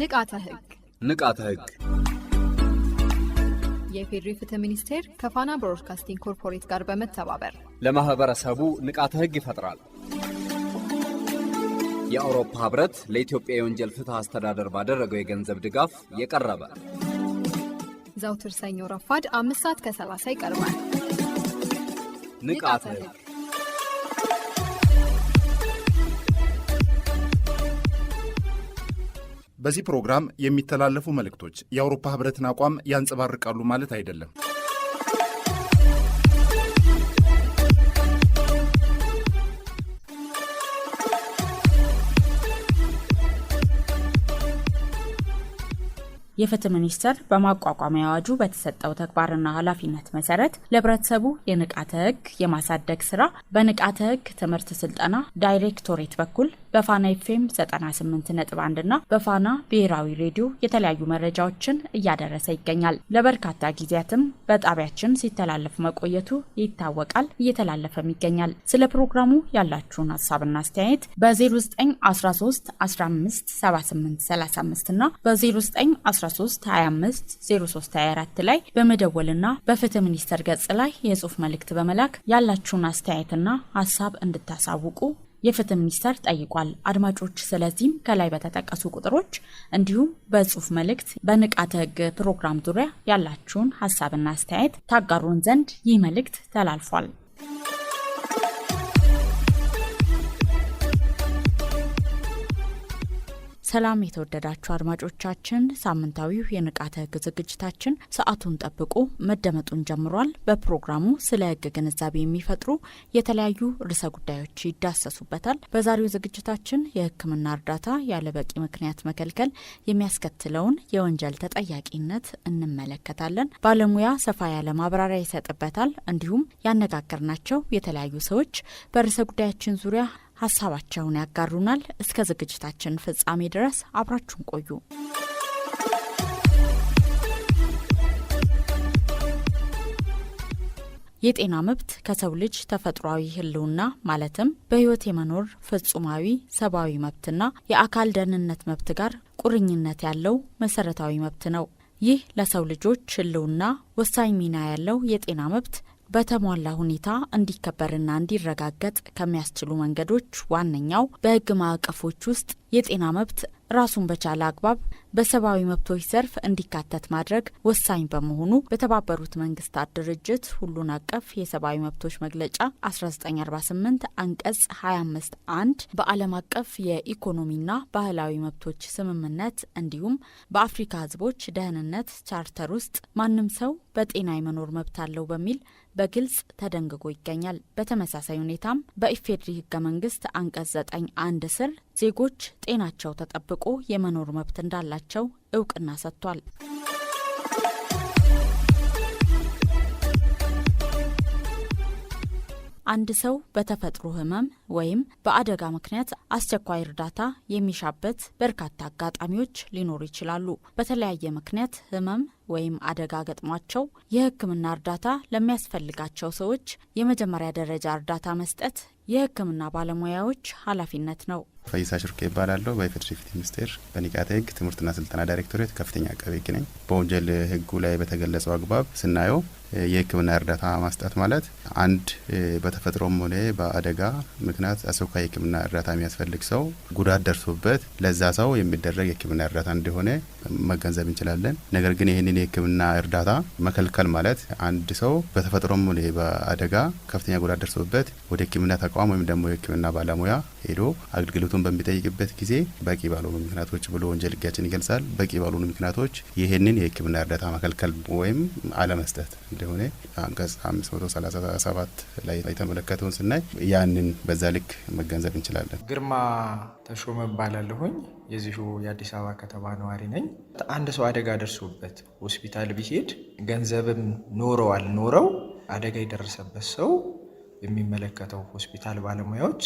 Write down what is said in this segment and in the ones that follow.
ንቃተ ህግ ንቃተ ህግ የፌዴሪ ፍትህ ሚኒስቴር ከፋና ብሮድካስቲንግ ኮርፖሬት ጋር በመተባበር ለማህበረሰቡ ንቃተ ህግ ይፈጥራል። የአውሮፓ ህብረት ለኢትዮጵያ የወንጀል ፍትህ አስተዳደር ባደረገው የገንዘብ ድጋፍ የቀረበ ዘውትር ሰኞ ረፋድ አምስት ሰዓት ከ30 ይቀርባል። ንቃተ ህግ በዚህ ፕሮግራም የሚተላለፉ መልእክቶች የአውሮፓ ህብረትን አቋም ያንጸባርቃሉ ማለት አይደለም። የፍትህ ሚኒስቴር በማቋቋሚያ አዋጁ በተሰጠው ተግባርና ኃላፊነት መሰረት ለህብረተሰቡ የንቃተ ህግ የማሳደግ ስራ በንቃተ ህግ ትምህርት ስልጠና ዳይሬክቶሬት በኩል በፋና ኤፍኤም 98.1 እና በፋና ብሔራዊ ሬዲዮ የተለያዩ መረጃዎችን እያደረሰ ይገኛል። ለበርካታ ጊዜያትም በጣቢያችን ሲተላለፍ መቆየቱ ይታወቃል፣ እየተላለፈም ይገኛል። ስለ ፕሮግራሙ ያላችሁን ሀሳብና አስተያየት በ0913 15 7835 እና በ0913 25 0324 ላይ በመደወልና በፍትህ ሚኒስቴር ገጽ ላይ የጽሁፍ መልእክት በመላክ ያላችሁን አስተያየትና ሀሳብ እንድታሳውቁ የፍትህ ሚኒስቴር ጠይቋል። አድማጮች፣ ስለዚህም ከላይ በተጠቀሱ ቁጥሮች እንዲሁም በጽሁፍ መልእክት በንቃተ ህግ ፕሮግራም ዙሪያ ያላችሁን ሀሳብና አስተያየት ታጋሩን ዘንድ ይህ መልእክት ተላልፏል። ሰላም የተወደዳችሁ አድማጮቻችን፣ ሳምንታዊው የንቃተ ህግ ዝግጅታችን ሰዓቱን ጠብቆ መደመጡን ጀምሯል። በፕሮግራሙ ስለ ህግ ግንዛቤ የሚፈጥሩ የተለያዩ ርዕሰ ጉዳዮች ይዳሰሱበታል። በዛሬው ዝግጅታችን የህክምና እርዳታ ያለበቂ ምክንያት መከልከል የሚያስከትለውን የወንጀል ተጠያቂነት እንመለከታለን። ባለሙያ ሰፋ ያለ ማብራሪያ ይሰጥበታል። እንዲሁም ያነጋገርናቸው የተለያዩ ሰዎች በርዕሰ ጉዳያችን ዙሪያ ሀሳባቸውን ያጋሩናል። እስከ ዝግጅታችን ፍጻሜ ድረስ አብራችሁን ቆዩ። የጤና መብት ከሰው ልጅ ተፈጥሯዊ ህልውና ማለትም በህይወት የመኖር ፍጹማዊ ሰብአዊ መብትና የአካል ደህንነት መብት ጋር ቁርኝነት ያለው መሰረታዊ መብት ነው። ይህ ለሰው ልጆች ህልውና ወሳኝ ሚና ያለው የጤና መብት በተሟላ ሁኔታ እንዲከበርና እንዲረጋገጥ ከሚያስችሉ መንገዶች ዋነኛው በሕግ ማዕቀፎች ውስጥ የጤና መብት ራሱን በቻለ አግባብ በሰብአዊ መብቶች ዘርፍ እንዲካተት ማድረግ ወሳኝ በመሆኑ በተባበሩት መንግስታት ድርጅት ሁሉን አቀፍ የሰብአዊ መብቶች መግለጫ 1948 አንቀጽ 25 1 በዓለም አቀፍ የኢኮኖሚና ባህላዊ መብቶች ስምምነት እንዲሁም በአፍሪካ ህዝቦች ደህንነት ቻርተር ውስጥ ማንም ሰው በጤና የመኖር መብት አለው በሚል በግልጽ ተደንግጎ ይገኛል። በተመሳሳይ ሁኔታም በኢፌዴሪ ህገ መንግስት አንቀጽ ዘጠኝ አንድ ስር ዜጎች ጤናቸው ተጠብቆ የመኖር መብት እንዳላቸው እውቅና ሰጥቷል። አንድ ሰው በተፈጥሮ ህመም ወይም በአደጋ ምክንያት አስቸኳይ እርዳታ የሚሻበት በርካታ አጋጣሚዎች ሊኖሩ ይችላሉ። በተለያየ ምክንያት ህመም ወይም አደጋ ገጥሟቸው የህክምና እርዳታ ለሚያስፈልጋቸው ሰዎች የመጀመሪያ ደረጃ እርዳታ መስጠት የህክምና ባለሙያዎች ኃላፊነት ነው። ፈይሳ ሽርኮ ይባላለሁ። በኢፌዴሪ ፍትህ ሚኒስቴር በንቃተ ህግ ትምህርትና ስልጠና ዳይሬክቶሬት ከፍተኛ አቃቤ ሕግ ነኝ። በወንጀል ህጉ ላይ በተገለጸው አግባብ ስናየው የህክምና እርዳታ ማስጣት ማለት አንድ በተፈጥሮም ሆነ በአደጋ ምክንያት አስቸኳይ የህክምና እርዳታ የሚያስፈልግ ሰው ጉዳት ደርሶበት ለዛ ሰው የሚደረግ የህክምና እርዳታ እንደሆነ መገንዘብ እንችላለን። ነገር ግን ይህንን የህክምና እርዳታ መከልከል ማለት አንድ ሰው በተፈጥሮም ሆነ በአደጋ ከፍተኛ ጉዳት ደርሶበት ወደ ህክምና ተቋም ወይም ደግሞ የህክምና ባለሙያ ሄዶ አገልግሎቱን በሚጠይቅበት ጊዜ በቂ ባልሆኑ ምክንያቶች ብሎ ወንጀል ሕጋችን ይገልጻል። በቂ ባልሆኑ ምክንያቶች ይህንን የህክምና እርዳታ መከልከል ወይም አለመስጠት እንደሆነ አንቀጽ 537 ላይ የተመለከተውን ስናይ ያንን በዛ ልክ መገንዘብ እንችላለን። ግርማ ተሾመ ባላለሁኝ የዚሁ የአዲስ አበባ ከተማ ነዋሪ ነኝ። አንድ ሰው አደጋ ደርሶበት ሆስፒታል ቢሄድ ገንዘብም ኖረው አልኖረው አደጋ የደረሰበት ሰው የሚመለከተው ሆስፒታል ባለሙያዎች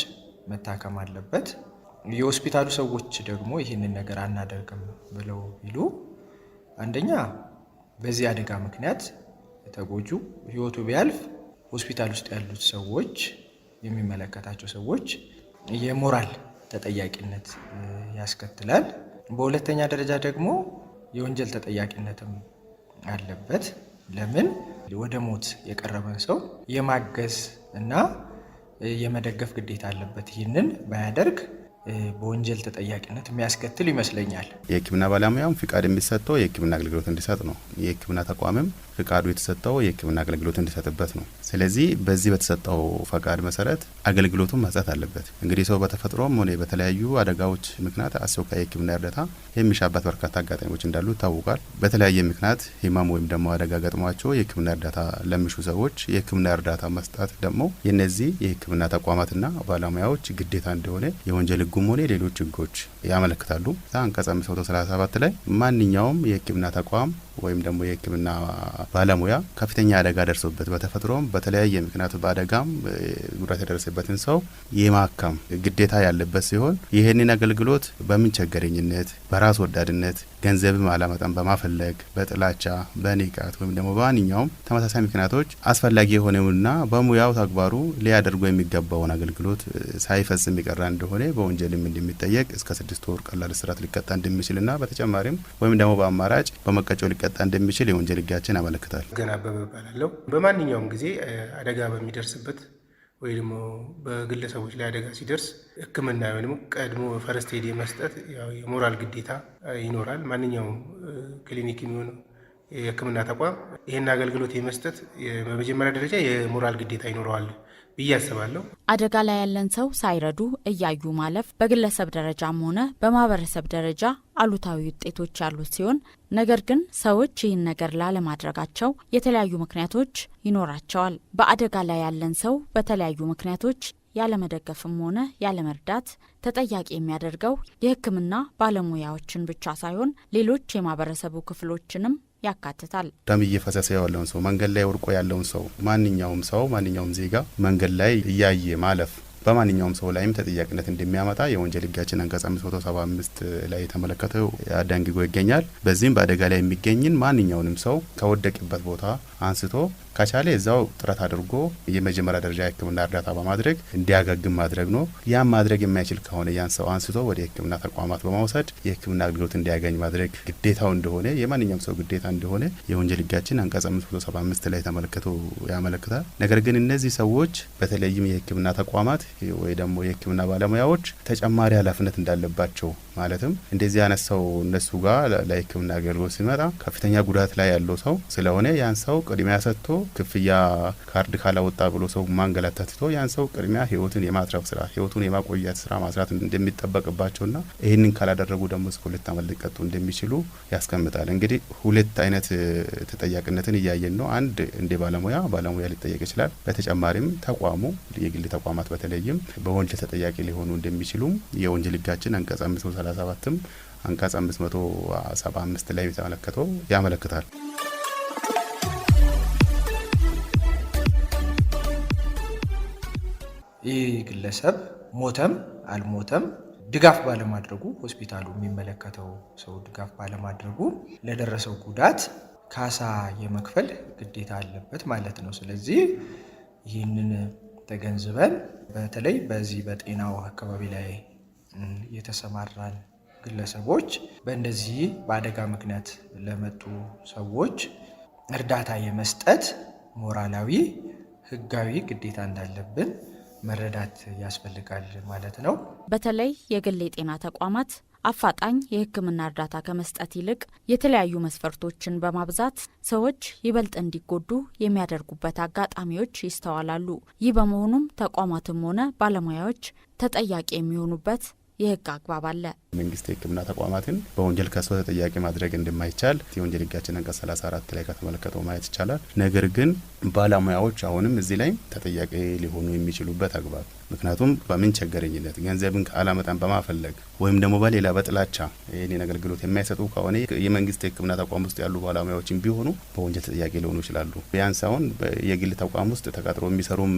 መታከም አለበት። የሆስፒታሉ ሰዎች ደግሞ ይህንን ነገር አናደርግም ብለው ቢሉ አንደኛ በዚህ አደጋ ምክንያት ተጎጁ ህይወቱ ቢያልፍ ሆስፒታል ውስጥ ያሉት ሰዎች የሚመለከታቸው ሰዎች የሞራል ተጠያቂነት ያስከትላል። በሁለተኛ ደረጃ ደግሞ የወንጀል ተጠያቂነትም አለበት። ለምን ወደ ሞት የቀረበን ሰው የማገዝ እና የመደገፍ ግዴታ አለበት። ይህንን ባያደርግ በወንጀል ተጠያቂነት የሚያስከትል ይመስለኛል። የህክምና ባለሙያም ፍቃድ የሚሰጠው የህክምና አገልግሎት እንዲሰጥ ነው። የህክምና ተቋምም ፍቃዱ የተሰጠው የህክምና አገልግሎት እንዲሰጥበት ነው። ስለዚህ በዚህ በተሰጠው ፈቃድ መሰረት አገልግሎቱን ማጻት አለበት። እንግዲህ ሰው በተፈጥሮም ሆነ በተለያዩ አደጋዎች ምክንያት አስቸኳይ የሕክምና እርዳታ የሚሻባት በርካታ አጋጣሚዎች እንዳሉ ይታወቃል። በተለያየ ምክንያት ህመም ወይም ደግሞ አደጋ ገጥሟቸው የሕክምና እርዳታ ለሚሹ ሰዎች የሕክምና እርዳታ መስጣት ደግሞ የነዚህ የሕክምና ተቋማትና ባለሙያዎች ግዴታ እንደሆነ የወንጀል ሕጉም ሆነ ሌሎች ሕጎች ያመለክታሉ። አንቀጽ 537 ላይ ማንኛውም የሕክምና ተቋም ወይም ደግሞ የህክምና ባለሙያ ከፍተኛ አደጋ ደርሶበት በተፈጥሮም በተለያየ ምክንያቱ በአደጋም ጉዳት የደረሰበትን ሰው የማከም ግዴታ ያለበት ሲሆን ይህንን አገልግሎት በምንቸገረኝነት በራስ ወዳድነት ገንዘብም አላመጣም በማፈለግ በጥላቻ በንቃት ወይም ደግሞ በማንኛውም ተመሳሳይ ምክንያቶች አስፈላጊ የሆነውና በሙያው ተግባሩ ሊያደርጎ የሚገባውን አገልግሎት ሳይፈጽም ይቀራ እንደሆነ በወንጀልም እንደሚጠየቅ እስከ ስድስት ወር ቀላል እስራት ሊቀጣ እንደሚችልና በተጨማሪም ወይም ደግሞ በአማራጭ በመቀጮ ሊቀጣ እንደሚችል የወንጀል ጋችን ያመለክታል። ገና በመባላለው በማንኛውም ጊዜ አደጋ በሚደርስበት ወይ ደግሞ በግለሰቦች ላይ አደጋ ሲደርስ ሕክምና ወይ ደግሞ ቀድሞ ፈረስት ኤድ መስጠት የሞራል ግዴታ ይኖራል። ማንኛውም ክሊኒክ የሚሆነው የሕክምና ተቋም ይህን አገልግሎት የመስጠት በመጀመሪያ ደረጃ የሞራል ግዴታ ይኖረዋል። ብዬ አስባለሁ። አደጋ ላይ ያለን ሰው ሳይረዱ እያዩ ማለፍ በግለሰብ ደረጃም ሆነ በማህበረሰብ ደረጃ አሉታዊ ውጤቶች ያሉት ሲሆን ነገር ግን ሰዎች ይህን ነገር ላለማድረጋቸው የተለያዩ ምክንያቶች ይኖራቸዋል። በአደጋ ላይ ያለን ሰው በተለያዩ ምክንያቶች ያለመደገፍም ሆነ ያለመርዳት ተጠያቂ የሚያደርገው የሕክምና ባለሙያዎችን ብቻ ሳይሆን ሌሎች የማህበረሰቡ ክፍሎችንም ያካትታል። ደም እየፈሰሰ ያለውን ሰው መንገድ ላይ ወድቆ ያለውን ሰው ማንኛውም ሰው ማንኛውም ዜጋ መንገድ ላይ እያየ ማለፍ በማንኛውም ሰው ላይም ተጠያቂነት እንደሚያመጣ የወንጀል ህጋችን አንቀጽ 575 ላይ የተመለከተው አዳንግጎ ይገኛል። በዚህም በአደጋ ላይ የሚገኝን ማንኛውንም ሰው ከወደቅበት ቦታ አንስቶ ከቻለ የዛው ጥረት አድርጎ የመጀመሪያ ደረጃ የህክምና እርዳታ በማድረግ እንዲያገግም ማድረግ ነው። ያም ማድረግ የማይችል ከሆነ ያን ሰው አንስቶ ወደ ህክምና ተቋማት በማውሰድ የህክምና አገልግሎት እንዲያገኝ ማድረግ ግዴታው እንደሆነ የማንኛውም ሰው ግዴታ እንደሆነ የወንጀል ህጋችን አንቀጽ 575 ላይ ተመለከቶ ያመለክታል። ነገር ግን እነዚህ ሰዎች በተለይም የህክምና ተቋማት ወይ ደግሞ የሕክምና ባለሙያዎች ተጨማሪ ኃላፊነት እንዳለባቸው ማለትም እንደዚህ ያነሳው እነሱ ጋር ለህክምና አገልግሎት ሲመጣ ከፍተኛ ጉዳት ላይ ያለው ሰው ስለሆነ ያን ሰው ቅድሚያ ሰጥቶ ክፍያ ካርድ ካላወጣ ብሎ ሰው ማንገላታት ትቶ ያን ሰው ቅድሚያ ሕይወትን የማትረፍ ስራ ህይወቱን የማቆያት ስራ ማስራት እንደሚጠበቅባቸውና ይህንን ካላደረጉ ደግሞ እስከ ሁለት አመት ሊቀጡ እንደሚችሉ ያስቀምጣል። እንግዲህ ሁለት አይነት ተጠያቂነትን እያየን ነው። አንድ እንደ ባለሙያ ባለሙያ ሊጠየቅ ይችላል። በተጨማሪም ተቋሙ የግል ተቋማት በተለይ በተለይም በወንጀል ተጠያቂ ሊሆኑ እንደሚችሉም የወንጀል ህጋችን አንቀጽ 537ም አንቀጽ 575 ላይ የተመለከተው ያመለክታል። ይህ ግለሰብ ሞተም አልሞተም ድጋፍ ባለማድረጉ ሆስፒታሉ የሚመለከተው ሰው ድጋፍ ባለማድረጉ ለደረሰው ጉዳት ካሳ የመክፈል ግዴታ አለበት ማለት ነው። ስለዚህ ይህንን ተገንዝበን በተለይ በዚህ በጤናው አካባቢ ላይ የተሰማራን ግለሰቦች በእንደዚህ በአደጋ ምክንያት ለመጡ ሰዎች እርዳታ የመስጠት ሞራላዊ፣ ህጋዊ ግዴታ እንዳለብን መረዳት ያስፈልጋል ማለት ነው። በተለይ የግል የጤና ተቋማት አፋጣኝ የሕክምና እርዳታ ከመስጠት ይልቅ የተለያዩ መስፈርቶችን በማብዛት ሰዎች ይበልጥ እንዲጎዱ የሚያደርጉበት አጋጣሚዎች ይስተዋላሉ። ይህ በመሆኑም ተቋማትም ሆነ ባለሙያዎች ተጠያቂ የሚሆኑበት የህግ አግባብ አለ። መንግስት የህክምና ተቋማትን በወንጀል ከሰው ተጠያቂ ማድረግ እንደማይቻል የወንጀል ህጋችን አንቀጽ 34 ላይ ከተመለከተው ማየት ይቻላል። ነገር ግን ባለሙያዎች አሁንም እዚህ ላይ ተጠያቂ ሊሆኑ የሚችሉበት አግባብ ምክንያቱም በምን ቸገረኝነት ገንዘብን ከአላመጣን በማፈለግ ወይም ደግሞ በሌላ በጥላቻ ይህን አገልግሎት የማይሰጡ ከሆነ የመንግስት የህክምና ተቋም ውስጥ ያሉ ባለሙያዎችን ቢሆኑ በወንጀል ተጠያቂ ሊሆኑ ይችላሉ። ቢያንስ አሁን የግል ተቋም ውስጥ ተቀጥሮ የሚሰሩም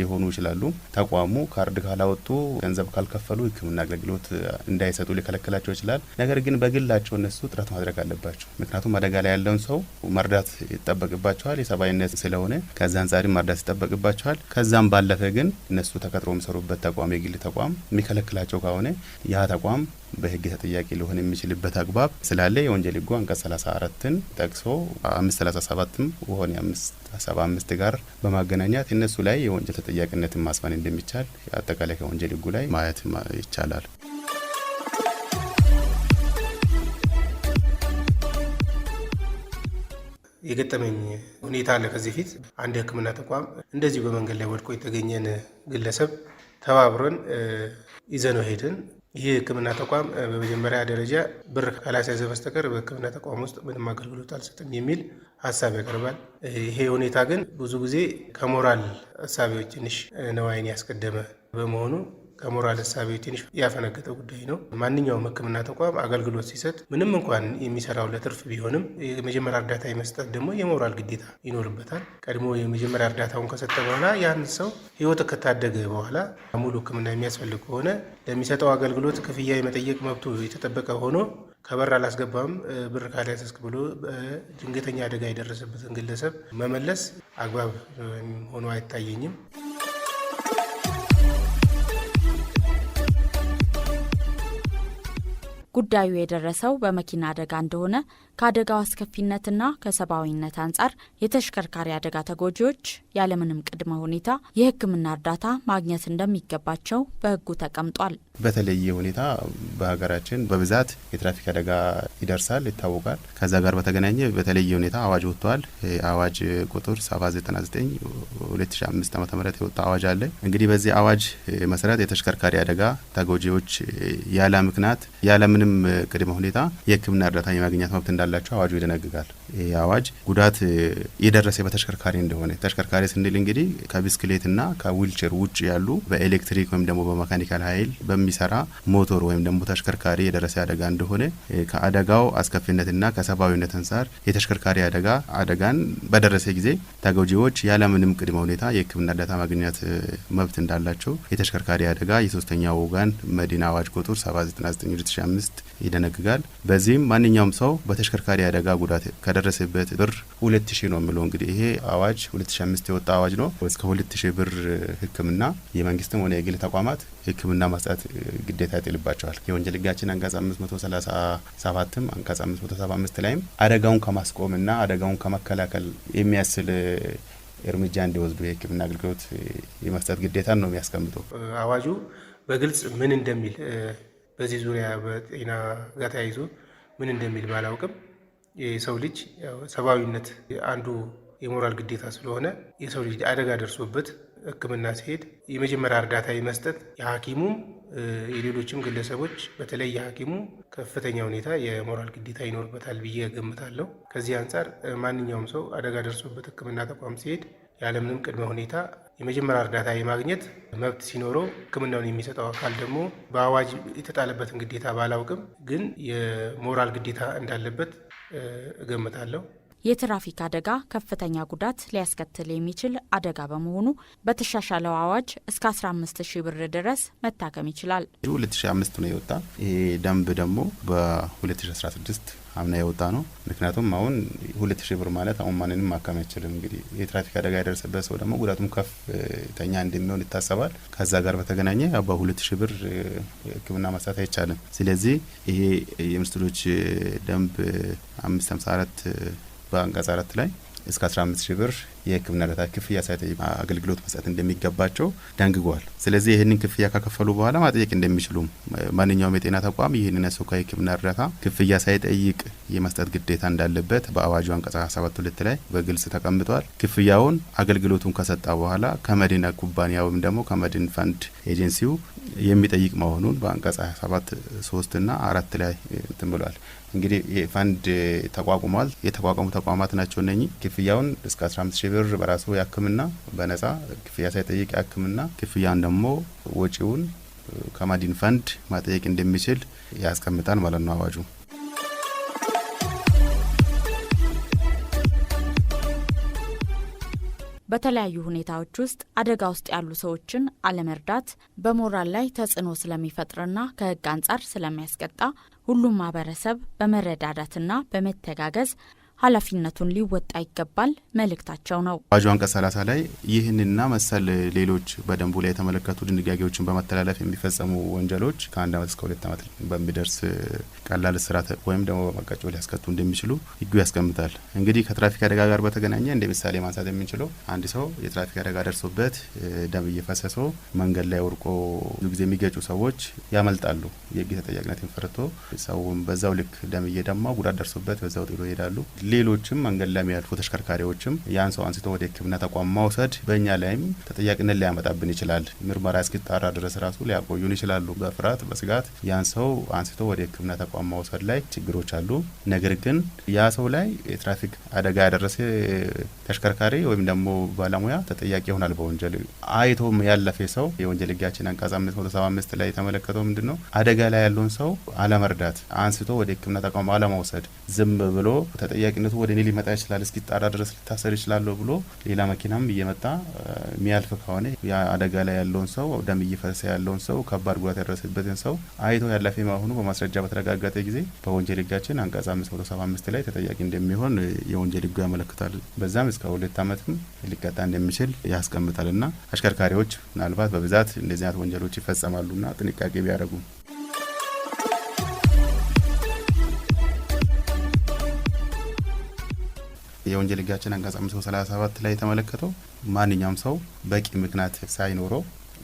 ሊሆኑ ይችላሉ። ተቋሙ ካርድ ካላወጡ ገንዘብ ካልከፈሉ ህክምና አገልግሎት እንዳይሰጡ ሊከለክላቸው ይችላል። ነገር ግን በግላቸው እነሱ ጥረት ማድረግ አለባቸው። ምክንያቱም አደጋ ላይ ያለውን ሰው መርዳት ይጠበቅባቸዋል። የሰብአዊነት ስለሆነ ከዚ አንጻሪ መርዳት ይጠበቅባቸዋል። ከዛም ባለፈ ግን እነሱ ተቀጥሮ የሚሰሩበት ተቋም የግል ተቋም የሚከለክላቸው ከሆነ ያ ተቋም በህግ ተጠያቂ ሊሆን የሚችልበት አግባብ ስላለ የወንጀል ህጉ አንቀጽ 34ን ጠቅሶ 537ም ሆነ 575 ጋር በማገናኘት እነሱ ላይ የወንጀል ተጠያቂነትን ማስፈን እንደሚቻል አጠቃላይ ከወንጀል ህጉ ላይ ማየት ይቻላል። የገጠመኝ ሁኔታ አለ። ከዚህ ፊት አንድ የህክምና ተቋም እንደዚሁ በመንገድ ላይ ወድቆ የተገኘን ግለሰብ ተባብረን ይዘነው ሄደን ይህ የህክምና ተቋም በመጀመሪያ ደረጃ ብር ካላስያዘ በስተቀር በህክምና ተቋም ውስጥ ምንም አገልግሎት አልሰጥም የሚል ሀሳብ ያቀርባል። ይሄ ሁኔታ ግን ብዙ ጊዜ ከሞራል ሀሳቢዎች ትንሽ ነዋይን ያስቀደመ በመሆኑ ከሞራል እሳቤ ትንሽ ያፈነገጠ ጉዳይ ነው። ማንኛውም ሕክምና ተቋም አገልግሎት ሲሰጥ ምንም እንኳን የሚሰራው ለትርፍ ቢሆንም የመጀመሪያ እርዳታ የመስጠት ደግሞ የሞራል ግዴታ ይኖርበታል። ቀድሞ የመጀመሪያ እርዳታውን ከሰጠ በኋላ ያን ሰው ህይወት ከታደገ በኋላ ሙሉ ሕክምና የሚያስፈልግ ከሆነ ለሚሰጠው አገልግሎት ክፍያ የመጠየቅ መብቱ የተጠበቀ ሆኖ ከበር አላስገባም ብር ካልያዝክ ብሎ ድንገተኛ አደጋ የደረሰበትን ግለሰብ መመለስ አግባብ ሆኖ አይታየኝም። ጉዳዩ የደረሰው በመኪና አደጋ እንደሆነ ከአደጋው አስከፊነትና ከሰብአዊነት አንጻር የተሽከርካሪ አደጋ ተጎጂዎች ያለምንም ቅድመ ሁኔታ የሕክምና እርዳታ ማግኘት እንደሚገባቸው በሕጉ ተቀምጧል። በተለየ ሁኔታ በሀገራችን በብዛት የትራፊክ አደጋ ይደርሳል፣ ይታወቃል። ከዛ ጋር በተገናኘ በተለየ ሁኔታ አዋጅ ወጥቷል። አዋጅ ቁጥር 799/2005 ዓ.ም የወጣ አዋጅ አለ። እንግዲህ በዚህ አዋጅ መሰረት የተሽከርካሪ አደጋ ተጎጂዎች ያለ ምክንያት ያለምንም ቅድመ ሁኔታ የሕክምና እርዳታ የማግኘት መብት እንዳላቸው አዋጁ ይደነግጋል። ይህ አዋጅ ጉዳት የደረሰ በተሽከርካሪ እንደሆነ ተሽከርካሪ ስንል እንግዲህ ከብስክሌትና ከዊልቸር ውጭ ያሉ በኤሌክትሪክ ወይም ደግሞ በመካኒካል ኃይል በሚሰራ ሞቶር ወይም ደግሞ ተሽከርካሪ የደረሰ አደጋ እንደሆነ ከአደጋው አስከፊነትና ከሰብአዊነት አንጻር የተሽከርካሪ አደጋ አደጋን በደረሰ ጊዜ ተጎጂዎች ያለምንም ቅድመ ሁኔታ የሕክምና እርዳታ ማግኘት መብት እንዳላቸው የተሽከርካሪ አደጋ የሶስተኛ ወገን መድን አዋጅ ቁጥር 799/2005 ይደነግጋል። በዚህም ማንኛውም ሰው በተሽ የተሽከርካሪ አደጋ ጉዳት ከደረሰበት ብር ሁለት ሺህ ነው የምለው። እንግዲህ ይሄ አዋጅ ሁለት ሺህ አምስት የወጣ አዋጅ ነው። እስከ ሁለት ሺህ ብር ሕክምና የመንግስትም ሆነ የግል ተቋማት ሕክምና ማስጣት ግዴታ ይጥልባቸዋል። የወንጀል ሕጋችን አንቀጽ አምስት መቶ ሰላሳ ሰባትም አንቀጽ አምስት መቶ ሰባ አምስት ላይም አደጋውን ከማስቆምና አደጋውን ከመከላከል የሚያስችል እርምጃ እንዲወስዱ የህክምና አገልግሎት የመስጠት ግዴታን ነው የሚያስቀምጠው አዋጁ በግልጽ ምን እንደሚል በዚህ ዙሪያ በጤና ጋር ተያይዞ ምን እንደሚል ባላውቅም የሰው ልጅ ሰብአዊነት አንዱ የሞራል ግዴታ ስለሆነ የሰው ልጅ አደጋ ደርሶበት ሕክምና ሲሄድ የመጀመሪያ እርዳታ የመስጠት የሐኪሙም የሌሎችም ግለሰቦች በተለይ የሐኪሙ ከፍተኛ ሁኔታ የሞራል ግዴታ ይኖርበታል ብዬ ገምታለሁ። ከዚህ አንጻር ማንኛውም ሰው አደጋ ደርሶበት ሕክምና ተቋም ሲሄድ ያለምንም ቅድመ ሁኔታ የመጀመሪያ እርዳታ የማግኘት መብት ሲኖረው ህክምናውን የሚሰጠው አካል ደግሞ በአዋጅ የተጣለበትን ግዴታ ባላውቅም ግን የሞራል ግዴታ እንዳለበት እገምታለሁ። የትራፊክ አደጋ ከፍተኛ ጉዳት ሊያስከትል የሚችል አደጋ በመሆኑ በተሻሻለው አዋጅ እስከ 15 ሺህ ብር ድረስ መታከም ይችላል። 2005 ነው የወጣ ይሄ ደንብ ደግሞ በ2016 አምና የወጣ ነው። ምክንያቱም አሁን ሁለት ሺ ብር ማለት አሁን ማንንም ማከም አይችልም። እንግዲህ የትራፊክ አደጋ የደረሰበት ሰው ደግሞ ጉዳቱም ከፍተኛ እንደሚሆን ይታሰባል። ከዛ ጋር በተገናኘ በሁለት ሺህ ብር ሕክምና መስራት አይቻልም። ስለዚህ ይሄ የምስሎች ደንብ አምስት ሀምሳ አራት በአንቀጽ አራት ላይ እስከ አስራ አምስት ሺህ ብር የህክምና እርዳታ ክፍያ ሳይጠይቁ አገልግሎት መስጠት እንደሚገባቸው ደንግጓል። ስለዚህ ይህንን ክፍያ ካከፈሉ በኋላ ማጠየቅ እንደሚችሉም ማንኛውም የጤና ተቋም ይህንን ያስቸኳይ የህክምና እርዳታ ክፍያ ሳይጠይቅ የመስጠት ግዴታ እንዳለበት በአዋጁ አንቀጽ 27 ሁለት ላይ በግልጽ ተቀምጧል። ክፍያውን አገልግሎቱን ከሰጣ በኋላ ከመድን ኩባንያ ወይም ደግሞ ከመድን ፈንድ ኤጀንሲው የሚጠይቅ መሆኑን በአንቀጽ 27 ሶስት ና አራት ላይ እንትን ብሏል። እንግዲህ የፈንድ ተቋቁሟል። የተቋቋሙ ተቋማት ናቸው እነኚህ ክፍያውን እስከ 15 ብር በራሱ የሕክምና በነጻ ክፍያ ሳይጠይቅ የሕክምና ክፍያን ደግሞ ወጪውን ከማዲን ፈንድ ማጠየቅ እንደሚችል ያስቀምጣል ማለት ነው አዋጁ። በተለያዩ ሁኔታዎች ውስጥ አደጋ ውስጥ ያሉ ሰዎችን አለመርዳት በሞራል ላይ ተጽዕኖ ስለሚፈጥርና ከህግ አንጻር ስለሚያስቀጣ ሁሉም ማህበረሰብ በመረዳዳትና በመተጋገዝ ኃላፊነቱን ሊወጣ ይገባል መልእክታቸው ነው። አዋጁ አንቀጽ 30 ላይ ይህንና መሰል ሌሎች በደንቡ ላይ የተመለከቱ ድንጋጌዎችን በመተላለፍ የሚፈጸሙ ወንጀሎች ከአንድ ዓመት እስከ ሁለት ዓመት በሚደርስ ቀላል እስራት ወይም ደግሞ በማቀጮ ሊያስከቱ እንደሚችሉ ህጉ ያስቀምጣል። እንግዲህ ከትራፊክ አደጋ ጋር በተገናኘ እንደ ምሳሌ ማንሳት የምንችለው አንድ ሰው የትራፊክ አደጋ ደርሶበት ደም እየፈሰሶ መንገድ ላይ ወርቆ ብዙ ጊዜ የሚገጩ ሰዎች ያመልጣሉ። የሕግ ተጠያቂነትን ፈርቶ ሰውም በዛው ልክ ደም እየደማ ጉዳት ደርሶበት በዛው ጥሎ ይሄዳሉ። ሌሎችም መንገድ ላይ ተሽከርካሪዎችም ያን ሰው አንስቶ ወደ ሕክምና ተቋም ማውሰድ በእኛ ላይም ተጠያቂነት ሊያመጣብን ይችላል። ምርመራ እስኪጣራ ድረስ ራሱ ሊያቆዩን ይችላሉ። በፍርሃት በስጋት ያን ሰው አንስቶ ወደ ሕክምና ተቋም ማውሰድ ላይ ችግሮች አሉ። ነገር ግን ያ ሰው ላይ የትራፊክ አደጋ ያደረሰ ተሽከርካሪ ወይም ደግሞ ባለሙያ ተጠያቂ ይሆናል። በወንጀል አይቶም ያለፈ ሰው የወንጀል ሕጋችን አንቀጽ 575 ላይ የተመለከተው ምንድን ነው? አደጋ ላይ ያለውን ሰው አለመርዳት፣ አንስቶ ወደ ሕክምና ተቋም አለመውሰድ፣ ዝም ብሎ ተጠያቂ ተጠያቂነቱ ወደ እኔ ሊመጣ ይችላል፣ እስኪጣራ ድረስ ሊታሰር ይችላል ብሎ ሌላ መኪናም እየመጣ የሚያልፍ ከሆነ አደጋ ላይ ያለውን ሰው፣ ደም እየፈሰ ያለውን ሰው፣ ከባድ ጉዳት ያደረሰበትን ሰው አይቶ ያላፊ መሆኑ በማስረጃ በተረጋገጠ ጊዜ በወንጀል ሕጋችን አንቀጽ 575 ላይ ተጠያቂ እንደሚሆን የወንጀል ህጉ ያመለክታል። በዛም እስከ ሁለት ዓመትም ሊቀጣ እንደሚችል ያስቀምጣልና አሽከርካሪዎች ምናልባት በብዛት እንደዚህ አይነት ወንጀሎች ይፈጸማሉና ጥንቃቄ ቢያደርጉ የወንጀል ህጋችን አንቀጽ 537 ላይ የተመለከተው ማንኛውም ሰው በቂ ምክንያት ሳይኖረው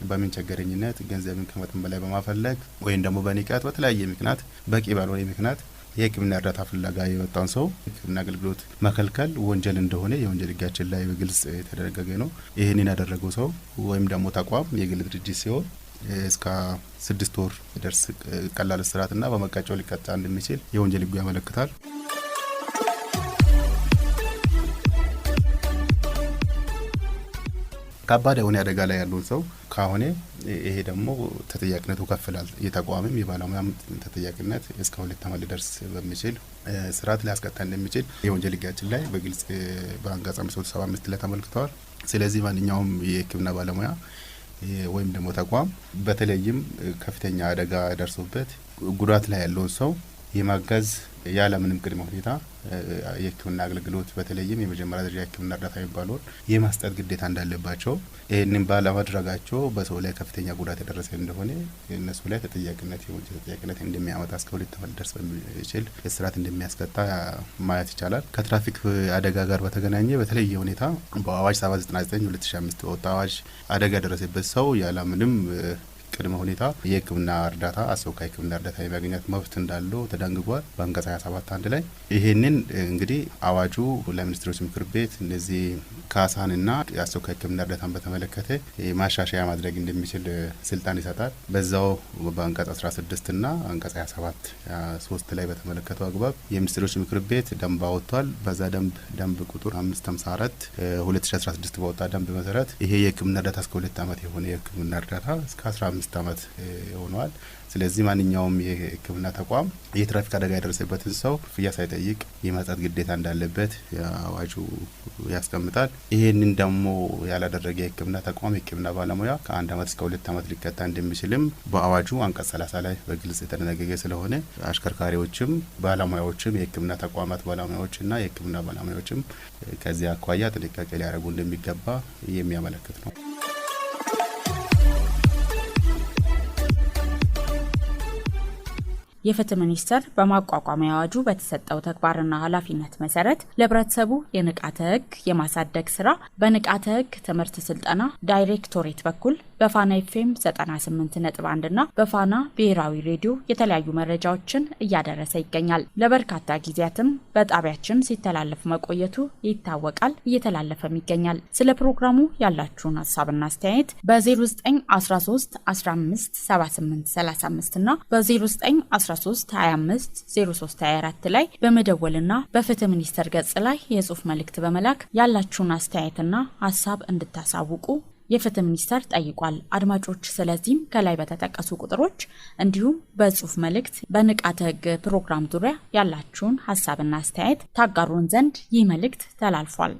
በምንቸገረኝነት ገንዘብን ከመጠን በላይ በማፈለግ ወይም ደግሞ በንቀት በተለያየ ምክንያት በቂ ባልሆነ ምክንያት የህክምና እርዳታ ፍላጋ የመጣውን ሰው ህክምና አገልግሎት መከልከል ወንጀል እንደሆነ የወንጀል ህጋችን ላይ በግልጽ የተደረገገ ነው። ይህንን ያደረገው ሰው ወይም ደግሞ ተቋም የግል ድርጅት ሲሆን እስከ ስድስት ወር ደርስ ቀላል እስራትና በመቀጫው ሊቀጣ እንደሚችል የወንጀል ህጉ ያመለክታል። ከባድ የሆነ አደጋ ላይ ያለውን ሰው ከሆነ ይሄ ደግሞ ተጠያቂነቱ ከፍላል። የተቋምም የባለሙያም ተጠያቂነት እስከ ሁለት ዓመት ሊደርስ በሚችል ስርዓት ሊያስቀጣ እንደሚችል የወንጀል ሕጋችን ላይ በግልጽ በአንቀጽ አምስት መቶ ሰባ አምስት ላይ ተመልክተዋል። ስለዚህ ማንኛውም የሕክምና ባለሙያ ወይም ደግሞ ተቋም በተለይም ከፍተኛ አደጋ ደርሶበት ጉዳት ላይ ያለውን ሰው የማጋዝ ያለምንም ቅድመ ሁኔታ የህክምና አገልግሎት በተለይም የመጀመሪያ ደረጃ የህክምና እርዳታ የሚባለውን የማስጠት ግዴታ እንዳለባቸው ይህንም ባለማድረጋቸው በሰው ላይ ከፍተኛ ጉዳት የደረሰ እንደሆነ እነሱ ላይ ተጠያቂነት የወንጀል ተጠያቂነት እንደሚያመጣ እስከ ሁለት ዓመት ደርስ በሚችል እስራት እንደሚያስቀጣ ማየት ይቻላል። ከትራፊክ አደጋ ጋር በተገናኘ በተለየ ሁኔታ በአዋጅ 799 2005 በወጣ አዋጅ አደጋ የደረሰበት ሰው ያለምንም ቅድመ ሁኔታ የህክምና እርዳታ አስቸኳይ ህክምና እርዳታ የማግኘት መብት እንዳለው ተደንግጓል በአንቀጽ 27 አንድ ላይ። ይህንን እንግዲህ አዋጁ ለሚኒስትሮች ምክር ቤት እነዚህ ካሳንና የአስቸኳይ ህክምና እርዳታን በተመለከተ ማሻሻያ ማድረግ እንደሚችል ስልጣን ይሰጣል። በዛው በአንቀጽ 16ና አንቀጽ 27 ሶስት ላይ በተመለከተው አግባብ የሚኒስትሮች ምክር ቤት ደንብ አወጥቷል። በዛ ደንብ ደንብ ቁጥር 554 2016 በወጣ ደንብ መሰረት ይሄ የህክምና እርዳታ እስከ ሁለት ዓመት የሆነ የህክምና እርዳታ እስከ 15 አምስት ዓመት ሆኗል። ስለዚህ ማንኛውም የሕክምና ተቋም የትራፊክ አደጋ የደረሰበትን ሰው ክፍያ ሳይጠይቅ የማጽዳት ግዴታ እንዳለበት አዋጁ ያስቀምጣል። ይህንን ደግሞ ያላደረገ የሕክምና ተቋም የሕክምና ባለሙያ ከአንድ አመት እስከ ሁለት ዓመት ሊቀጣ እንደሚችልም በአዋጁ አንቀጽ ሰላሳ ላይ በግልጽ የተደነገገ ስለሆነ አሽከርካሪዎችም፣ ባለሙያዎችም የሕክምና ተቋማት ባለሙያዎችና የሕክምና ባለሙያዎችም ከዚያ አኳያ ጥንቃቄ ሊያደርጉ እንደሚገባ የሚያመለክት ነው። የፍትህ ሚኒስቴር በማቋቋሚያ አዋጁ በተሰጠው ተግባርና ኃላፊነት መሰረት ለህብረተሰቡ የንቃተ ህግ የማሳደግ ስራ በንቃተ ህግ ትምህርት ስልጠና ዳይሬክቶሬት በኩል በፋና ኤፍኤም 98.1 እና በፋና ብሔራዊ ሬዲዮ የተለያዩ መረጃዎችን እያደረሰ ይገኛል። ለበርካታ ጊዜያትም በጣቢያችን ሲተላለፍ መቆየቱ ይታወቃል፣ እየተላለፈም ይገኛል። ስለ ፕሮግራሙ ያላችሁን ሀሳብና አስተያየት በ0913 15 7835 በ0913 25 0324 ላይ ና በፍትህ ሚኒስቴር ገጽ ላይ የጽሁፍ መልእክት በመላክ ያላችሁን አስተያየትና ሀሳብ እንድታሳውቁ የፍትህ ሚኒስቴር ጠይቋል። አድማጮች፣ ስለዚህም ከላይ በተጠቀሱ ቁጥሮች እንዲሁም በጽሁፍ መልእክት በንቃተ ህግ ፕሮግራም ዙሪያ ያላችሁን ሀሳብና አስተያየት ታጋሩን ዘንድ ይህ መልእክት ተላልፏል።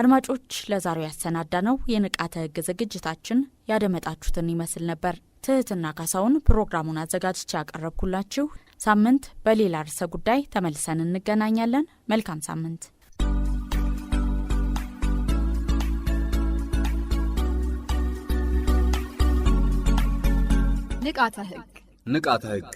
አድማጮች፣ ለዛሬው ያሰናዳነው የንቃተ ህግ ዝግጅታችን ያደመጣችሁትን ይመስል ነበር። ትህትና ካሳውን ፕሮግራሙን አዘጋጅቼ ያቀረብኩላችሁ። ሳምንት በሌላ ርዕሰ ጉዳይ ተመልሰን እንገናኛለን። መልካም ሳምንት። ንቃተ ህግ ንቃተ ህግ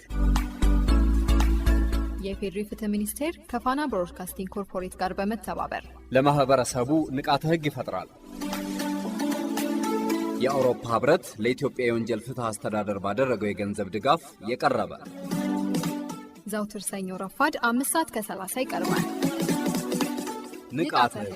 የፌዴሪ ፍትህ ሚኒስቴር ከፋና ብሮድካስቲንግ ኮርፖሬት ጋር በመተባበር ለማህበረሰቡ ንቃተ ህግ ይፈጥራል። የአውሮፓ ህብረት ለኢትዮጵያ የወንጀል ፍትህ አስተዳደር ባደረገው የገንዘብ ድጋፍ የቀረበ ዘውትር ሰኞ ረፋድ አምስት ሰዓት ከ30 ይቀርባል። ንቃተ ህግ